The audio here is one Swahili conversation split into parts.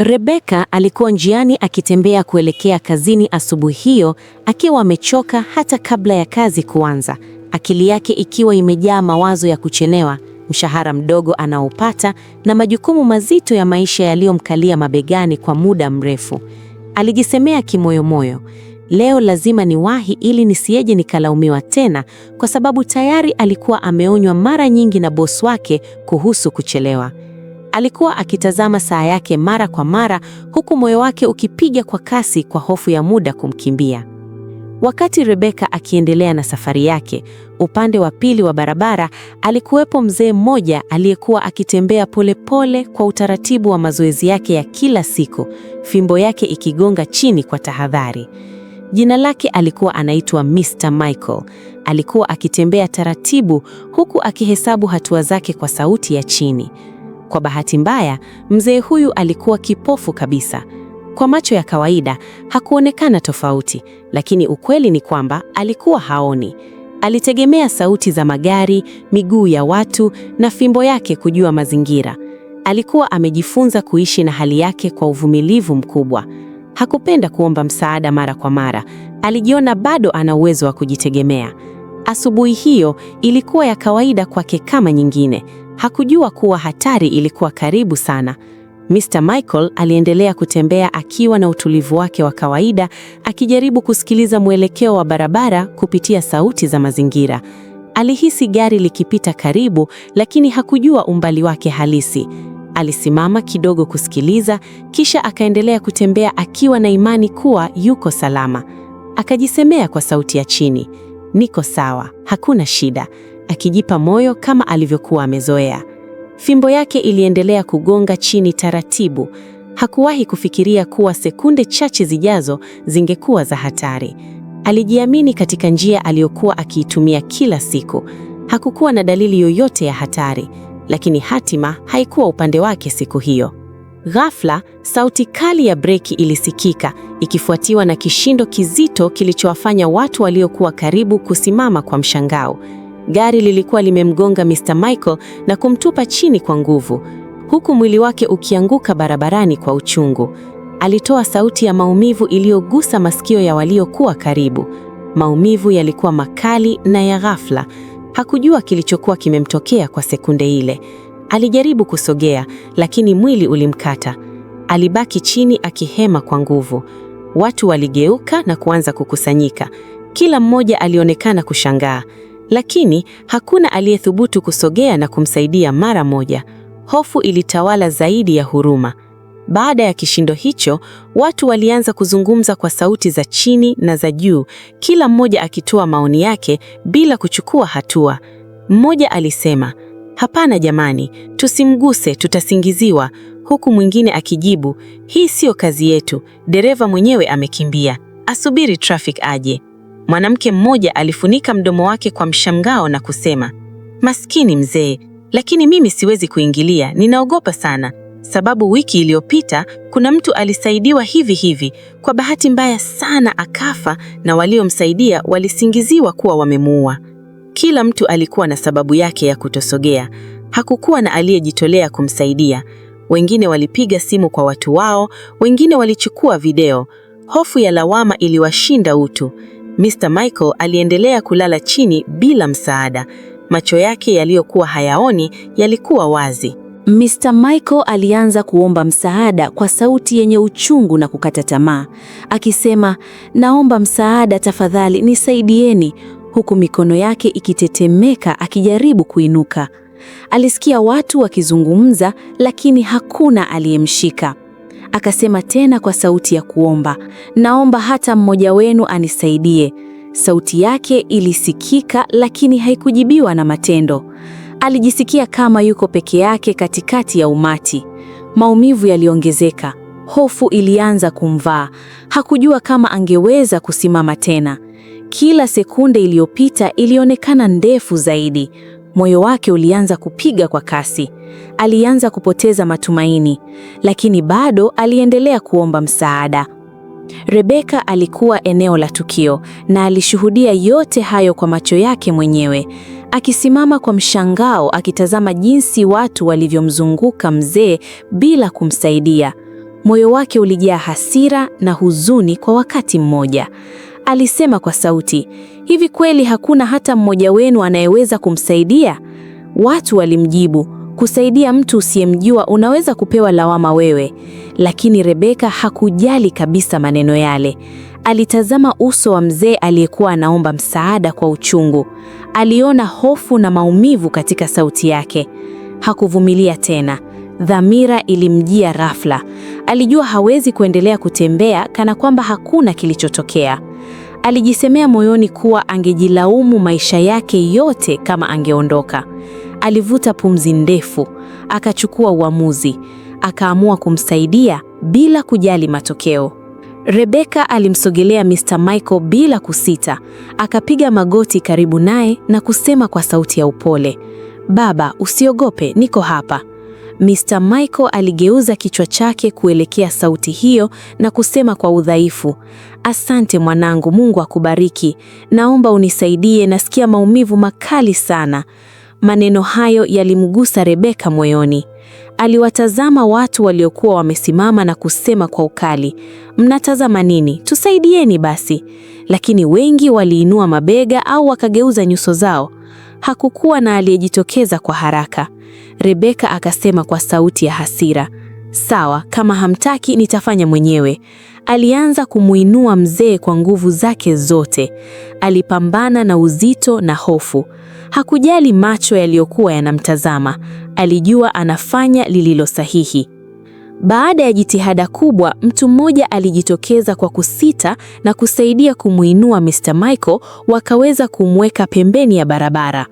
Rebeka alikuwa njiani akitembea kuelekea kazini asubuhi hiyo akiwa amechoka hata kabla ya kazi kuanza, akili yake ikiwa imejaa mawazo ya kuchelewa, mshahara mdogo anaopata na majukumu mazito ya maisha yaliyomkalia mabegani kwa muda mrefu. Alijisemea kimoyomoyo, leo lazima niwahi ili nisieje nikalaumiwa tena, kwa sababu tayari alikuwa ameonywa mara nyingi na bosi wake kuhusu kuchelewa. Alikuwa akitazama saa yake mara kwa mara, huku moyo wake ukipiga kwa kasi kwa hofu ya muda kumkimbia. Wakati Rebeka akiendelea na safari yake, upande wa pili wa barabara alikuwepo mzee mmoja aliyekuwa akitembea polepole pole kwa utaratibu wa mazoezi yake ya kila siku, fimbo yake ikigonga chini kwa tahadhari. Jina lake alikuwa anaitwa Mr. Michael. Alikuwa akitembea taratibu huku akihesabu hatua zake kwa sauti ya chini. Kwa bahati mbaya, mzee huyu alikuwa kipofu kabisa. Kwa macho ya kawaida hakuonekana tofauti, lakini ukweli ni kwamba alikuwa haoni. Alitegemea sauti za magari, miguu ya watu na fimbo yake kujua mazingira. Alikuwa amejifunza kuishi na hali yake kwa uvumilivu mkubwa. Hakupenda kuomba msaada mara kwa mara, alijiona bado ana uwezo wa kujitegemea. Asubuhi hiyo ilikuwa ya kawaida kwake kama nyingine, Hakujua kuwa hatari ilikuwa karibu sana. Mr. Michael aliendelea kutembea akiwa na utulivu wake wa kawaida, akijaribu kusikiliza mwelekeo wa barabara kupitia sauti za mazingira. Alihisi gari likipita karibu, lakini hakujua umbali wake halisi. Alisimama kidogo kusikiliza, kisha akaendelea kutembea akiwa na imani kuwa yuko salama. Akajisemea kwa sauti ya chini, niko sawa, hakuna shida akijipa moyo kama alivyokuwa amezoea. Fimbo yake iliendelea kugonga chini taratibu. Hakuwahi kufikiria kuwa sekunde chache zijazo zingekuwa za hatari. Alijiamini katika njia aliyokuwa akiitumia kila siku. Hakukuwa na dalili yoyote ya hatari, lakini hatima haikuwa upande wake siku hiyo. Ghafla, sauti kali ya breki ilisikika, ikifuatiwa na kishindo kizito kilichowafanya watu waliokuwa karibu kusimama kwa mshangao. Gari lilikuwa limemgonga Mr. Michael na kumtupa chini kwa nguvu, huku mwili wake ukianguka barabarani kwa uchungu. Alitoa sauti ya maumivu iliyogusa masikio ya waliokuwa karibu. Maumivu yalikuwa makali na ya ghafla. Hakujua kilichokuwa kimemtokea kwa sekunde ile. Alijaribu kusogea, lakini mwili ulimkata. Alibaki chini akihema kwa nguvu. Watu waligeuka na kuanza kukusanyika. Kila mmoja alionekana kushangaa lakini hakuna aliyethubutu kusogea na kumsaidia mara moja. Hofu ilitawala zaidi ya huruma. Baada ya kishindo hicho, watu walianza kuzungumza kwa sauti za chini na za juu, kila mmoja akitoa maoni yake bila kuchukua hatua. Mmoja alisema, hapana jamani, tusimguse, tutasingiziwa, huku mwingine akijibu, hii siyo kazi yetu, dereva mwenyewe amekimbia, asubiri traffic aje. Mwanamke mmoja alifunika mdomo wake kwa mshangao na kusema, maskini mzee, lakini mimi siwezi kuingilia, ninaogopa sana sababu wiki iliyopita kuna mtu alisaidiwa hivi hivi, kwa bahati mbaya sana akafa, na waliomsaidia walisingiziwa kuwa wamemuua. Kila mtu alikuwa na sababu yake ya kutosogea, hakukuwa na aliyejitolea kumsaidia. Wengine walipiga simu kwa watu wao, wengine walichukua video. Hofu ya lawama iliwashinda utu. Mr. Michael aliendelea kulala chini bila msaada. Macho yake yaliyokuwa hayaoni yalikuwa wazi. Mr. Michael alianza kuomba msaada kwa sauti yenye uchungu na kukata tamaa, akisema, naomba msaada tafadhali, nisaidieni, huku mikono yake ikitetemeka akijaribu kuinuka. Alisikia watu wakizungumza, lakini hakuna aliyemshika akasema tena kwa sauti ya kuomba, naomba hata mmoja wenu anisaidie. Sauti yake ilisikika lakini haikujibiwa na matendo. Alijisikia kama yuko peke yake katikati ya umati. Maumivu yaliongezeka, hofu ilianza kumvaa. Hakujua kama angeweza kusimama tena. Kila sekunde iliyopita ilionekana ndefu zaidi. Moyo wake ulianza kupiga kwa kasi. Alianza kupoteza matumaini, lakini bado aliendelea kuomba msaada. Rebeka alikuwa eneo la tukio na alishuhudia yote hayo kwa macho yake mwenyewe, akisimama kwa mshangao akitazama jinsi watu walivyomzunguka mzee bila kumsaidia. Moyo wake ulijaa hasira na huzuni kwa wakati mmoja. Alisema kwa sauti, hivi kweli hakuna hata mmoja wenu anayeweza kumsaidia? Watu walimjibu, kusaidia mtu usiyemjua unaweza kupewa lawama wewe. Lakini Rebeka hakujali kabisa maneno yale. Alitazama uso wa mzee aliyekuwa anaomba msaada kwa uchungu. Aliona hofu na maumivu katika sauti yake. Hakuvumilia tena. Dhamira ilimjia ghafla. Alijua hawezi kuendelea kutembea kana kwamba hakuna kilichotokea. Alijisemea moyoni kuwa angejilaumu maisha yake yote kama angeondoka. Alivuta pumzi ndefu, akachukua uamuzi, akaamua kumsaidia bila kujali matokeo. Rebeka alimsogelea Mr. Michael bila kusita, akapiga magoti karibu naye na kusema kwa sauti ya upole, Baba, usiogope, niko hapa. Mr. Michael aligeuza kichwa chake kuelekea sauti hiyo na kusema kwa udhaifu, asante mwanangu, Mungu akubariki. Naomba unisaidie, nasikia maumivu makali sana. Maneno hayo yalimgusa Rebeka moyoni. Aliwatazama watu waliokuwa wamesimama na kusema kwa ukali, mnatazama nini? Tusaidieni basi. Lakini wengi waliinua mabega au wakageuza nyuso zao hakukuwa na aliyejitokeza kwa haraka. Rebeka akasema kwa sauti ya hasira, sawa, kama hamtaki nitafanya mwenyewe. Alianza kumuinua mzee kwa nguvu zake zote. Alipambana na uzito na hofu. Hakujali macho yaliyokuwa yanamtazama. Alijua anafanya lililo sahihi. Baada ya jitihada kubwa, mtu mmoja alijitokeza kwa kusita na kusaidia kumuinua Mr. Michael, wakaweza kumweka pembeni ya barabara.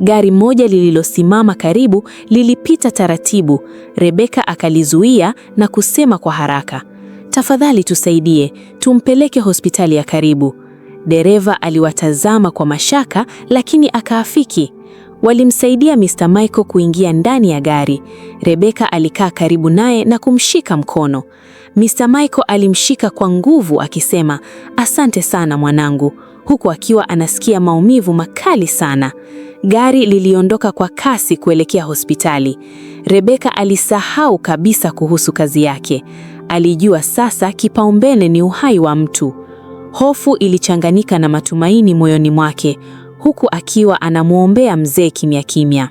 Gari moja lililosimama karibu lilipita taratibu. Rebeka akalizuia na kusema kwa haraka, "Tafadhali tusaidie, tumpeleke hospitali ya karibu." Dereva aliwatazama kwa mashaka lakini akaafiki. Walimsaidia Mr. Michael kuingia ndani ya gari. Rebeka alikaa karibu naye na kumshika mkono. Mr. Michael alimshika kwa nguvu akisema, asante sana mwanangu, huku akiwa anasikia maumivu makali sana. Gari liliondoka kwa kasi kuelekea hospitali. Rebeka alisahau kabisa kuhusu kazi yake. Alijua sasa kipaumbele ni uhai wa mtu. Hofu ilichanganyika na matumaini moyoni mwake, huku akiwa anamwombea mzee kimya kimya.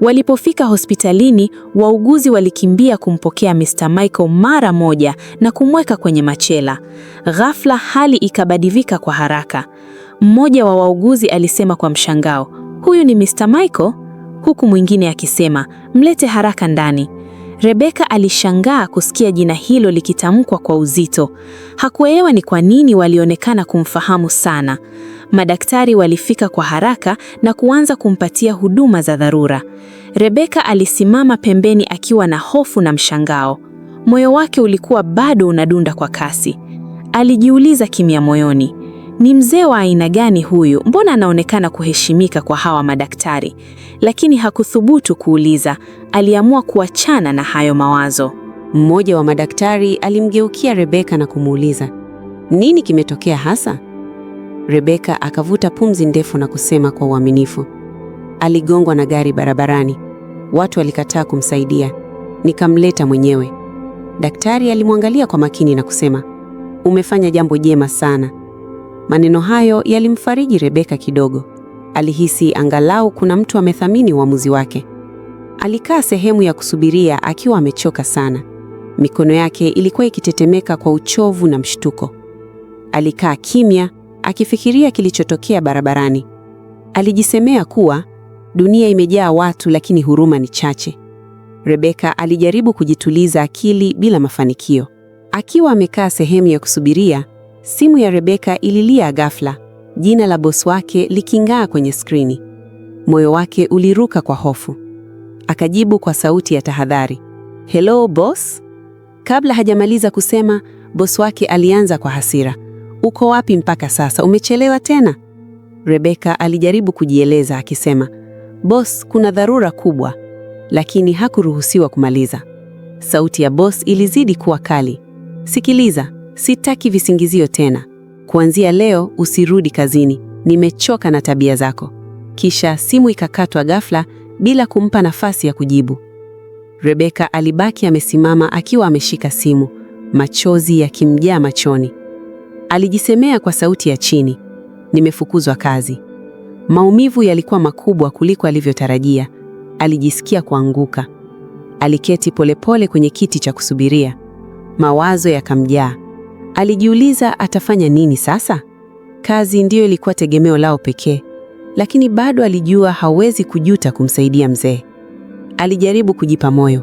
Walipofika hospitalini, wauguzi walikimbia kumpokea Mr. Michael mara moja na kumweka kwenye machela. Ghafla hali ikabadilika kwa haraka. Mmoja wa wauguzi alisema kwa mshangao, huyu ni Mr. Michael? Huku mwingine akisema, mlete haraka ndani. Rebeka alishangaa kusikia jina hilo likitamkwa kwa uzito. Hakuelewa ni kwa nini walionekana kumfahamu sana. Madaktari walifika kwa haraka na kuanza kumpatia huduma za dharura. Rebeka alisimama pembeni akiwa na hofu na mshangao. Moyo wake ulikuwa bado unadunda kwa kasi. Alijiuliza kimya moyoni, ni mzee wa aina gani huyu? Mbona anaonekana kuheshimika kwa hawa madaktari? Lakini hakuthubutu kuuliza, aliamua kuachana na hayo mawazo. Mmoja wa madaktari alimgeukia Rebeka na kumuuliza, nini kimetokea hasa? Rebeka akavuta pumzi ndefu na kusema kwa uaminifu, aligongwa na gari barabarani, watu walikataa kumsaidia, nikamleta mwenyewe. Daktari alimwangalia kwa makini na kusema, umefanya jambo jema sana. Maneno hayo yalimfariji Rebeka kidogo. Alihisi angalau kuna mtu amethamini uamuzi wake. Alikaa sehemu ya kusubiria akiwa amechoka sana. Mikono yake ilikuwa ikitetemeka kwa uchovu na mshtuko. Alikaa kimya akifikiria kilichotokea barabarani. Alijisemea kuwa dunia imejaa watu lakini huruma ni chache. Rebeka alijaribu kujituliza akili bila mafanikio. Akiwa amekaa sehemu ya kusubiria, simu ya Rebeka ililia ghafla, jina la bosi wake liking'aa kwenye skrini. Moyo wake uliruka kwa hofu. Akajibu kwa sauti ya tahadhari, hello boss. Kabla hajamaliza kusema, bosi wake alianza kwa hasira, uko wapi mpaka sasa? Umechelewa tena. Rebeka alijaribu kujieleza akisema, Boss, kuna dharura kubwa, lakini hakuruhusiwa kumaliza. Sauti ya boss ilizidi kuwa kali. Sikiliza, sitaki visingizio tena. Kuanzia leo usirudi kazini, nimechoka na tabia zako. Kisha simu ikakatwa ghafla bila kumpa nafasi ya kujibu. Rebeka alibaki amesimama akiwa ameshika simu, machozi yakimjaa machoni. Alijisemea kwa sauti ya chini, nimefukuzwa kazi. Maumivu yalikuwa makubwa kuliko alivyotarajia. Alijisikia kuanguka. Aliketi polepole kwenye kiti cha kusubiria. Mawazo yakamjaa. Alijiuliza atafanya nini sasa? Kazi ndiyo ilikuwa tegemeo lao pekee, lakini bado alijua hawezi kujuta kumsaidia mzee. Alijaribu kujipa moyo,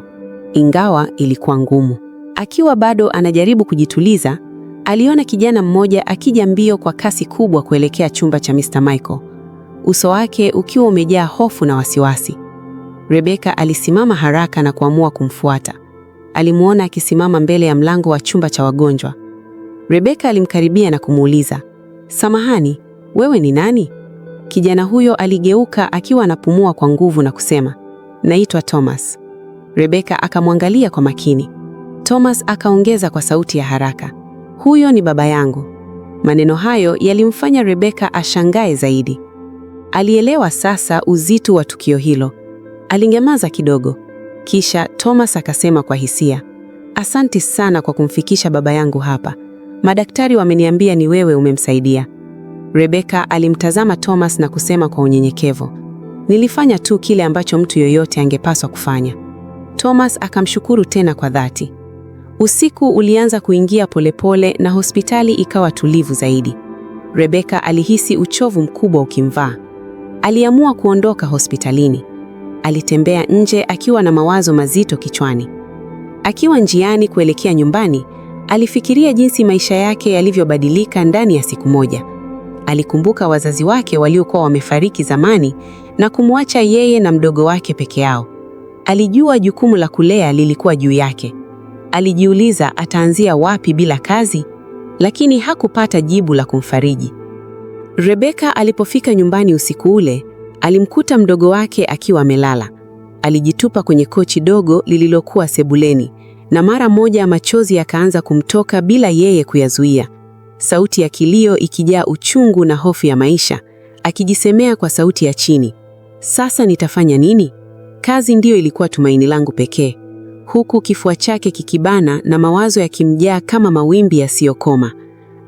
ingawa ilikuwa ngumu. Akiwa bado anajaribu kujituliza, aliona kijana mmoja akija mbio kwa kasi kubwa kuelekea chumba cha Mr. Michael, uso wake ukiwa umejaa hofu na wasiwasi. Rebeka alisimama haraka na kuamua kumfuata. Alimuona akisimama mbele ya mlango wa chumba cha wagonjwa. Rebeka alimkaribia na kumuuliza, samahani, wewe ni nani? Kijana huyo aligeuka akiwa anapumua kwa nguvu na kusema, naitwa Thomas. Rebeka akamwangalia kwa makini. Thomas akaongeza kwa sauti ya haraka, huyo ni baba yangu. Maneno hayo yalimfanya Rebeka ashangae zaidi. Alielewa sasa uzito wa tukio hilo. Alingemaza kidogo, kisha Thomas akasema kwa hisia, asanti sana kwa kumfikisha baba yangu hapa. Madaktari wameniambia ni wewe umemsaidia. Rebeka alimtazama Thomas na kusema kwa unyenyekevu, nilifanya tu kile ambacho mtu yoyote angepaswa kufanya. Thomas akamshukuru tena kwa dhati. Usiku ulianza kuingia polepole na hospitali ikawa tulivu zaidi. Rebeka alihisi uchovu mkubwa ukimvaa. Aliamua kuondoka hospitalini. Alitembea nje akiwa na mawazo mazito kichwani. Akiwa njiani kuelekea nyumbani, alifikiria jinsi maisha yake yalivyobadilika ndani ya siku moja. Alikumbuka wazazi wake waliokuwa wamefariki zamani na kumwacha yeye na mdogo wake peke yao. Alijua jukumu la kulea lilikuwa juu yake. Alijiuliza ataanzia wapi bila kazi, lakini hakupata jibu la kumfariji. Rebeka alipofika nyumbani usiku ule, alimkuta mdogo wake akiwa amelala. Alijitupa kwenye kochi dogo lililokuwa sebuleni, na mara moja machozi yakaanza kumtoka bila yeye kuyazuia, sauti ya kilio ikijaa uchungu na hofu ya maisha, akijisemea kwa sauti ya chini, sasa nitafanya nini? Kazi ndiyo ilikuwa tumaini langu pekee huku kifua chake kikibana na mawazo yakimjaa kama mawimbi yasiyokoma.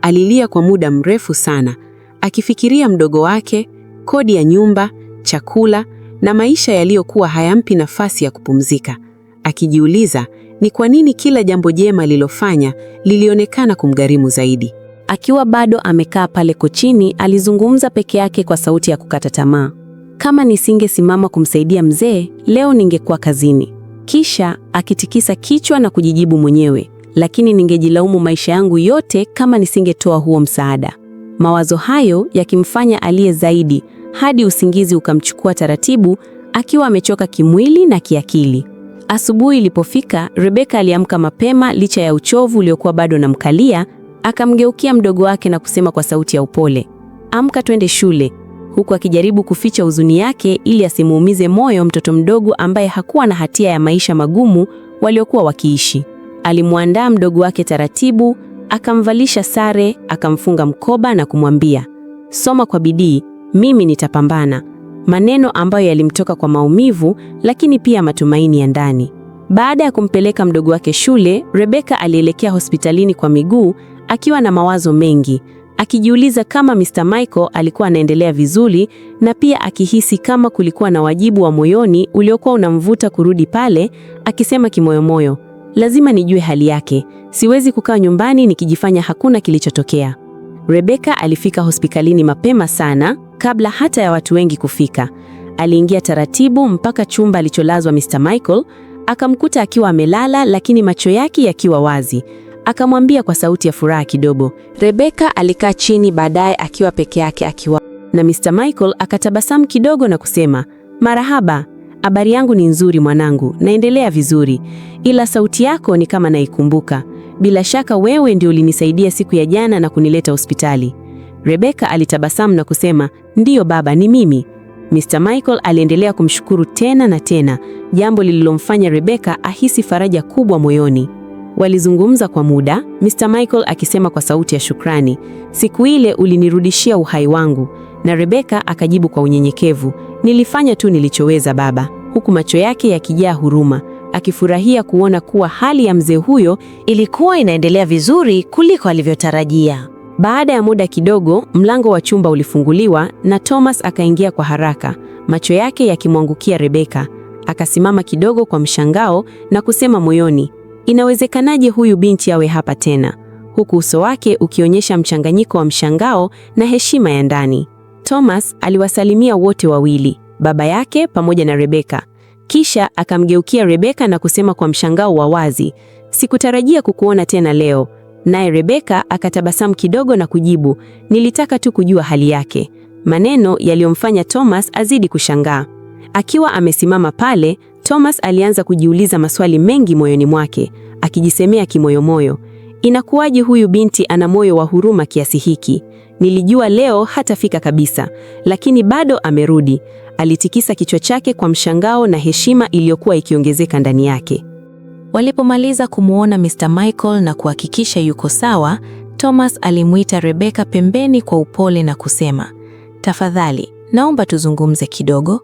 Alilia kwa muda mrefu sana, akifikiria mdogo wake, kodi ya nyumba, chakula na maisha yaliyokuwa hayampi nafasi ya kupumzika, akijiuliza ni kwa nini kila jambo jema lilofanya lilionekana kumgharimu zaidi. Akiwa bado amekaa pale kochini, alizungumza peke yake kwa sauti ya kukata tamaa. Kama nisingesimama kumsaidia mzee, leo ningekuwa kazini kisha akitikisa kichwa na kujijibu mwenyewe, lakini ningejilaumu maisha yangu yote kama nisingetoa huo msaada. Mawazo hayo yakimfanya aliye zaidi hadi usingizi ukamchukua taratibu, akiwa amechoka kimwili na kiakili. Asubuhi ilipofika, Rebeka aliamka mapema licha ya uchovu uliokuwa bado namkalia. Akamgeukia mdogo wake na kusema kwa sauti ya upole, amka twende shule huku akijaribu kuficha huzuni yake ili asimuumize moyo mtoto mdogo ambaye hakuwa na hatia ya maisha magumu waliokuwa wakiishi. Alimwandaa mdogo wake taratibu, akamvalisha sare, akamfunga mkoba na kumwambia, soma kwa bidii, mimi nitapambana, maneno ambayo yalimtoka kwa maumivu lakini pia matumaini ya ndani. Baada ya kumpeleka mdogo wake shule, Rebeka alielekea hospitalini kwa miguu akiwa na mawazo mengi akijiuliza kama Mr. Michael alikuwa anaendelea vizuri na pia akihisi kama kulikuwa na wajibu wa moyoni uliokuwa unamvuta kurudi pale, akisema kimoyomoyo, lazima nijue hali yake, siwezi kukaa nyumbani nikijifanya hakuna kilichotokea. Rebeka alifika hospitalini mapema sana kabla hata ya watu wengi kufika. Aliingia taratibu mpaka chumba alicholazwa Mr. Michael, akamkuta akiwa amelala, lakini macho yake yakiwa wazi akamwambia kwa sauti ya furaha kidogo. Rebeka alikaa chini baadaye akiwa peke yake akiwa na Mr. Michael akatabasamu kidogo na kusema, marahaba, habari yangu ni nzuri mwanangu, naendelea vizuri, ila sauti yako ni kama naikumbuka. Bila shaka wewe ndio ulinisaidia siku ya jana na kunileta hospitali. Rebeka alitabasamu na kusema, ndiyo baba, ni mimi. Mr. Michael aliendelea kumshukuru tena na tena, jambo lililomfanya Rebeka ahisi faraja kubwa moyoni. Walizungumza kwa muda, Mr. Michael akisema kwa sauti ya shukrani, siku ile ulinirudishia uhai wangu, na Rebeka akajibu kwa unyenyekevu, nilifanya tu nilichoweza baba, huku macho yake yakijaa huruma, akifurahia kuona kuwa hali ya mzee huyo ilikuwa inaendelea vizuri kuliko alivyotarajia. Baada ya muda kidogo, mlango wa chumba ulifunguliwa na Thomas akaingia kwa haraka, macho yake yakimwangukia Rebeka. Akasimama kidogo kwa mshangao na kusema moyoni, Inawezekanaje huyu binti awe hapa tena? Huku uso wake ukionyesha mchanganyiko wa mshangao na heshima ya ndani. Thomas aliwasalimia wote wawili, baba yake pamoja na Rebeka. Kisha akamgeukia Rebeka na kusema kwa mshangao wa wazi, sikutarajia kukuona tena leo. Naye Rebeka akatabasamu kidogo na kujibu, nilitaka tu kujua hali yake. Maneno yaliyomfanya Thomas azidi kushangaa. Akiwa amesimama pale, Thomas alianza kujiuliza maswali mengi moyoni mwake, akijisemea kimoyomoyo, inakuwaje huyu binti ana moyo wa huruma kiasi hiki? Nilijua leo hatafika kabisa, lakini bado amerudi. Alitikisa kichwa chake kwa mshangao na heshima iliyokuwa ikiongezeka ndani yake. Walipomaliza kumwona Mr. Michael na kuhakikisha yuko sawa, Thomas alimwita Rebeka pembeni kwa upole na kusema, tafadhali, naomba tuzungumze kidogo.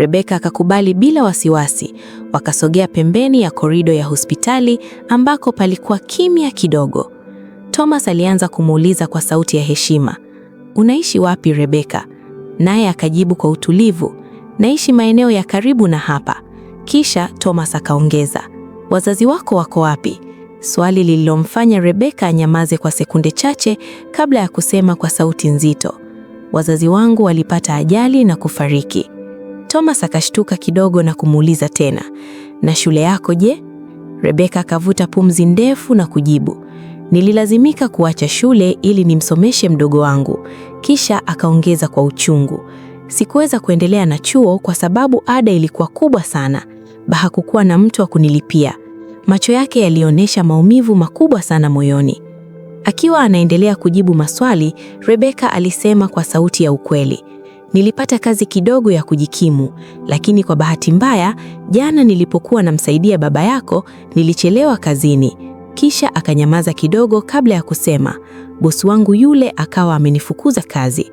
Rebeka akakubali bila wasiwasi. Wakasogea pembeni ya korido ya hospitali ambako palikuwa kimya kidogo. Thomas alianza kumuuliza kwa sauti ya heshima, unaishi wapi Rebeka? Naye akajibu kwa utulivu, naishi maeneo ya karibu na hapa. Kisha Thomas akaongeza, wazazi wako wako wapi? Swali lililomfanya Rebeka anyamaze kwa sekunde chache kabla ya kusema kwa sauti nzito, wazazi wangu walipata ajali na kufariki. Thomas akashtuka kidogo na kumuuliza tena, na shule yako je? Rebeka akavuta pumzi ndefu na kujibu, nililazimika kuacha shule ili nimsomeshe mdogo wangu. Kisha akaongeza kwa uchungu, sikuweza kuendelea na chuo kwa sababu ada ilikuwa kubwa sana, hakukuwa na mtu wa kunilipia. Macho yake yalionyesha maumivu makubwa sana moyoni. Akiwa anaendelea kujibu maswali, Rebeka alisema kwa sauti ya ukweli, Nilipata kazi kidogo ya kujikimu, lakini kwa bahati mbaya, jana nilipokuwa namsaidia baba yako, nilichelewa kazini. Kisha akanyamaza kidogo kabla ya kusema, bosi wangu yule akawa amenifukuza kazi.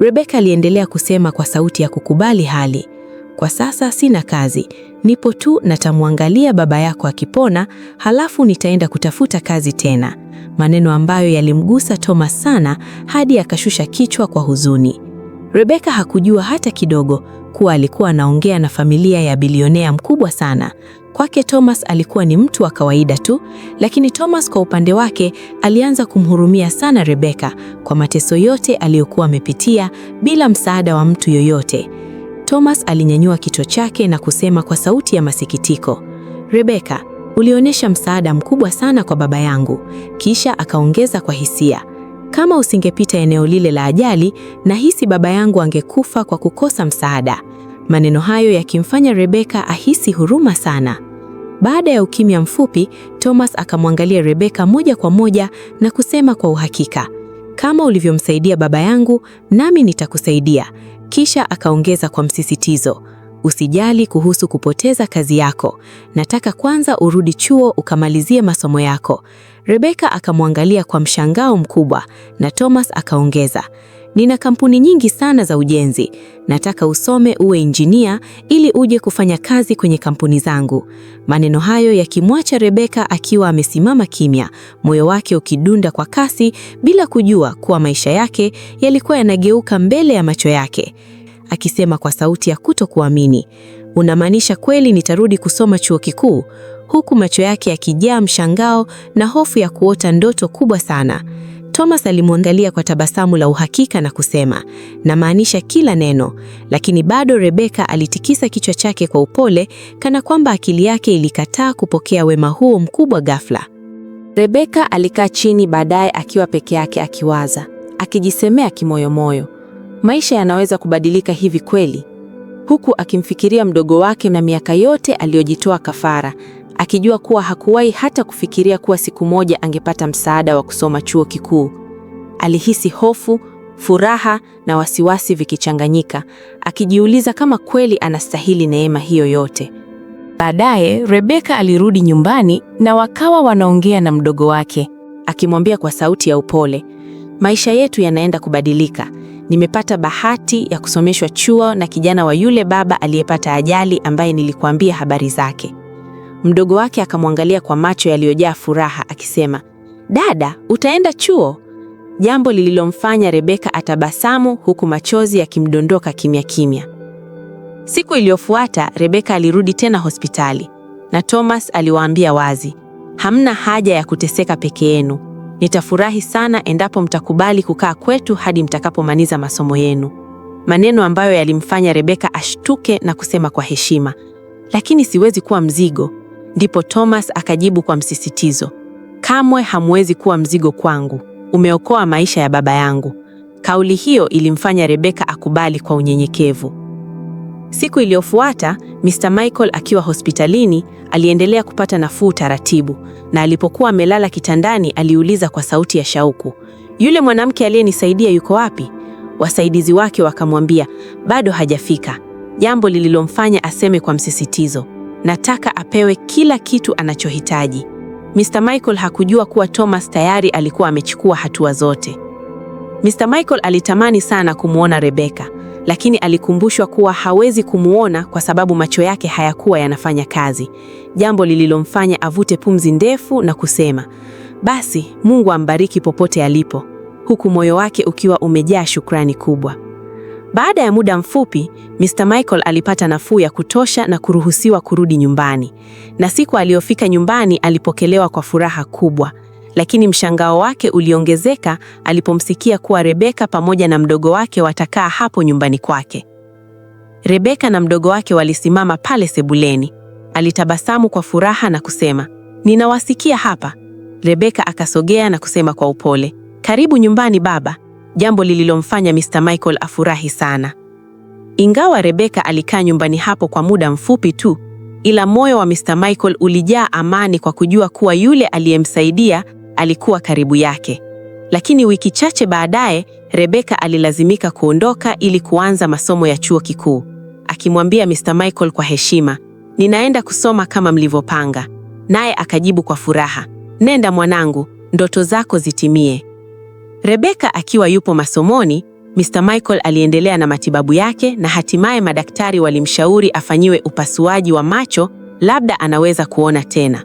Rebeka aliendelea kusema kwa sauti ya kukubali hali. Kwa sasa sina kazi, nipo tu natamwangalia baba yako akipona, halafu nitaenda kutafuta kazi tena. Maneno ambayo yalimgusa Thomas sana hadi akashusha kichwa kwa huzuni. Rebeka hakujua hata kidogo kuwa alikuwa anaongea na familia ya bilionea mkubwa sana. Kwake Thomas alikuwa ni mtu wa kawaida tu, lakini Thomas kwa upande wake alianza kumhurumia sana Rebeka kwa mateso yote aliyokuwa amepitia bila msaada wa mtu yoyote. Thomas alinyanyua kichwa chake na kusema kwa sauti ya masikitiko, Rebeka, ulionyesha msaada mkubwa sana kwa baba yangu. Kisha akaongeza kwa hisia kama usingepita eneo lile la ajali, nahisi baba yangu angekufa kwa kukosa msaada. Maneno hayo yakimfanya Rebeka ahisi huruma sana. Baada ya ukimya mfupi, Thomas akamwangalia Rebeka moja kwa moja na kusema kwa uhakika, kama ulivyomsaidia baba yangu, nami nitakusaidia. Kisha akaongeza kwa msisitizo, Usijali kuhusu kupoteza kazi yako, nataka kwanza urudi chuo ukamalizie masomo yako. Rebeka akamwangalia kwa mshangao mkubwa, na Thomas akaongeza, nina kampuni nyingi sana za ujenzi, nataka usome uwe injinia ili uje kufanya kazi kwenye kampuni zangu. Maneno hayo yakimwacha Rebeka akiwa amesimama kimya, moyo wake ukidunda kwa kasi, bila kujua kuwa maisha yake yalikuwa yanageuka mbele ya macho yake akisema kwa sauti ya kutokuamini, unamaanisha kweli nitarudi kusoma chuo kikuu? Huku macho yake yakijaa mshangao na hofu ya kuota ndoto kubwa sana. Thomas alimwangalia kwa tabasamu la uhakika na kusema, namaanisha kila neno. Lakini bado Rebeka alitikisa kichwa chake kwa upole, kana kwamba akili yake ilikataa kupokea wema huo mkubwa ghafla. Rebeka alikaa chini baadaye, akiwa peke yake, akiwaza, akijisemea kimoyomoyo Maisha yanaweza kubadilika hivi kweli? Huku akimfikiria mdogo wake na miaka yote aliyojitoa kafara, akijua kuwa hakuwahi hata kufikiria kuwa siku moja angepata msaada wa kusoma chuo kikuu. Alihisi hofu, furaha na wasiwasi vikichanganyika, akijiuliza kama kweli anastahili neema hiyo yote. Baadaye Rebeka alirudi nyumbani na wakawa wanaongea na mdogo wake, akimwambia kwa sauti ya upole, maisha yetu yanaenda kubadilika nimepata bahati ya kusomeshwa chuo na kijana wa yule baba aliyepata ajali ambaye nilikuambia habari zake. Mdogo wake akamwangalia kwa macho yaliyojaa furaha akisema, dada, utaenda chuo? Jambo lililomfanya Rebeka atabasamu huku machozi yakimdondoka kimya kimya. Siku iliyofuata Rebeka alirudi tena hospitali na Thomas aliwaambia wazi, hamna haja ya kuteseka peke yenu. Nitafurahi sana endapo mtakubali kukaa kwetu hadi mtakapomaliza masomo yenu. Maneno ambayo yalimfanya Rebeka ashtuke na kusema kwa heshima, lakini siwezi kuwa mzigo. Ndipo Thomas akajibu kwa msisitizo, kamwe hamwezi kuwa mzigo kwangu, umeokoa maisha ya baba yangu. Kauli hiyo ilimfanya Rebeka akubali kwa unyenyekevu. Siku iliyofuata Mr. Michael akiwa hospitalini aliendelea kupata nafuu taratibu, na alipokuwa amelala kitandani aliuliza kwa sauti ya shauku, yule mwanamke aliyenisaidia yuko wapi? Wasaidizi wake wakamwambia bado hajafika, jambo lililomfanya aseme kwa msisitizo, nataka apewe kila kitu anachohitaji. Mr. Michael hakujua kuwa Thomas tayari alikuwa amechukua hatua zote. Mr. Michael alitamani sana kumwona Rebecca lakini alikumbushwa kuwa hawezi kumuona kwa sababu macho yake hayakuwa yanafanya kazi, jambo lililomfanya avute pumzi ndefu na kusema, basi Mungu ambariki popote alipo, huku moyo wake ukiwa umejaa shukrani kubwa. Baada ya muda mfupi, Mr. Michael alipata nafuu ya kutosha na kuruhusiwa kurudi nyumbani. Na siku aliyofika nyumbani alipokelewa kwa furaha kubwa lakini mshangao wake uliongezeka alipomsikia kuwa Rebeka pamoja na mdogo wake watakaa hapo nyumbani kwake. Rebeka na mdogo wake walisimama pale sebuleni. Alitabasamu kwa furaha na kusema, ninawasikia hapa. Rebeka akasogea na kusema kwa upole, karibu nyumbani baba, jambo lililomfanya Mr. Michael afurahi sana. Ingawa Rebeka alikaa nyumbani hapo kwa muda mfupi tu, ila moyo wa Mr. Michael ulijaa amani kwa kujua kuwa yule aliyemsaidia alikuwa karibu yake. Lakini wiki chache baadaye, Rebeka alilazimika kuondoka ili kuanza masomo ya chuo kikuu, akimwambia Mr. Michael kwa heshima, ninaenda kusoma kama mlivyopanga. Naye akajibu kwa furaha, nenda mwanangu, ndoto zako zitimie. Rebeka akiwa yupo masomoni, Mr. Michael aliendelea na matibabu yake na hatimaye madaktari walimshauri afanyiwe upasuaji wa macho, labda anaweza kuona tena.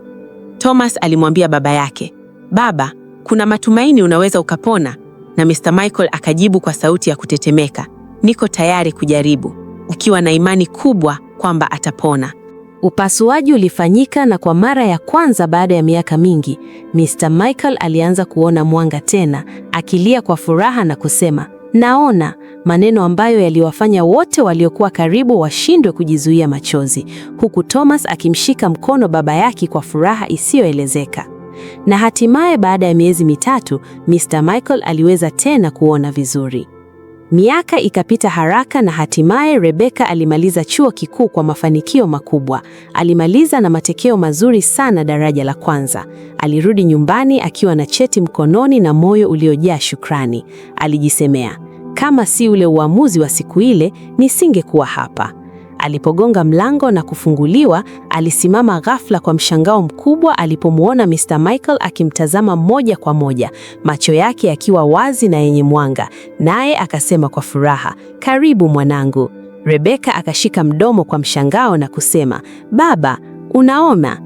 Thomas alimwambia baba yake, Baba, kuna matumaini unaweza ukapona. Na Mr. Michael akajibu kwa sauti ya kutetemeka, niko tayari kujaribu, ukiwa na imani kubwa kwamba atapona. Upasuaji ulifanyika na kwa mara ya kwanza baada ya miaka mingi, Mr. Michael alianza kuona mwanga tena, akilia kwa furaha na kusema, naona, maneno ambayo yaliwafanya wote waliokuwa karibu washindwe kujizuia machozi, huku Thomas akimshika mkono baba yake kwa furaha isiyoelezeka na hatimaye baada ya miezi mitatu Mr. Michael aliweza tena kuona vizuri. Miaka ikapita haraka na hatimaye Rebeka alimaliza chuo kikuu kwa mafanikio makubwa. Alimaliza na matokeo mazuri sana daraja la kwanza. Alirudi nyumbani akiwa na cheti mkononi na moyo uliojaa shukrani. Alijisemea, kama si ule uamuzi wa siku ile, nisingekuwa hapa. Alipogonga mlango na kufunguliwa, alisimama ghafla kwa mshangao mkubwa alipomwona Mr. Michael akimtazama moja kwa moja, macho yake yakiwa wazi na yenye mwanga. Naye akasema kwa furaha, "Karibu mwanangu." Rebeka akashika mdomo kwa mshangao na kusema, "Baba, unaona?"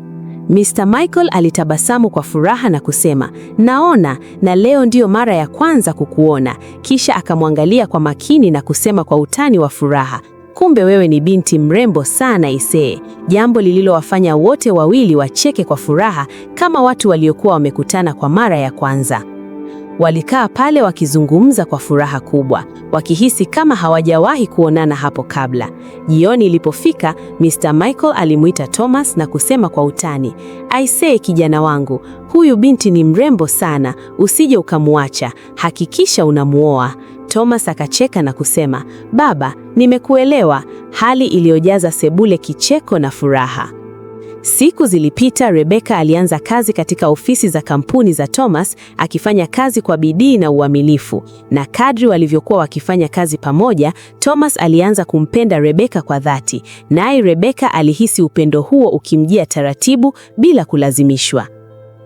Mr. Michael alitabasamu kwa furaha na kusema, "Naona, na leo ndiyo mara ya kwanza kukuona." Kisha akamwangalia kwa makini na kusema kwa utani wa furaha, kumbe wewe ni binti mrembo sana isee, jambo lililowafanya wote wawili wacheke kwa furaha kama watu waliokuwa wamekutana kwa mara ya kwanza. Walikaa pale wakizungumza kwa furaha kubwa, wakihisi kama hawajawahi kuonana hapo kabla. Jioni ilipofika, Mr. Michael alimwita Thomas na kusema kwa utani, aisee, kijana wangu, huyu binti ni mrembo sana, usije ukamwacha, hakikisha unamuoa. Thomas akacheka na kusema, baba, nimekuelewa, hali iliyojaza sebule kicheko na furaha. Siku zilipita, Rebeka alianza kazi katika ofisi za kampuni za Thomas, akifanya kazi kwa bidii na uaminifu. Na kadri walivyokuwa wakifanya kazi pamoja, Thomas alianza kumpenda Rebeka kwa dhati, naye Rebeka alihisi upendo huo ukimjia taratibu bila kulazimishwa.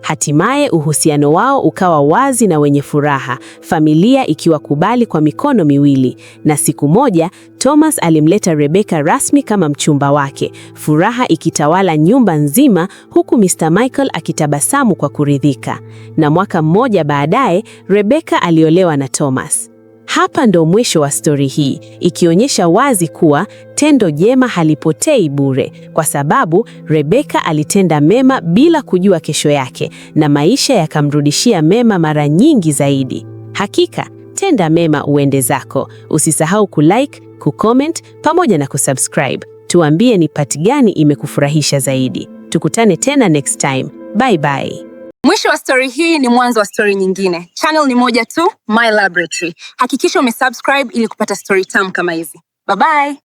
Hatimaye uhusiano wao ukawa wazi na wenye furaha, familia ikiwakubali kwa mikono miwili. Na siku moja Thomas alimleta Rebecca rasmi kama mchumba wake, furaha ikitawala nyumba nzima, huku Mr. Michael akitabasamu kwa kuridhika. Na mwaka mmoja baadaye Rebecca aliolewa na Thomas. Hapa ndo mwisho wa stori hii, ikionyesha wazi kuwa tendo jema halipotei bure, kwa sababu Rebeka alitenda mema bila kujua kesho yake, na maisha yakamrudishia mema mara nyingi zaidi. Hakika tenda mema uende zako. Usisahau kulike, kucomment pamoja na kusubscribe. Tuambie ni part gani imekufurahisha zaidi. Tukutane tena next time. Bye bye. Mwisho wa stori hii ni mwanzo wa stori nyingine. Channel ni moja tu, My Laboratory. Hakikisha umesubscribe ili kupata stori tamu kama hizi. Bye bye.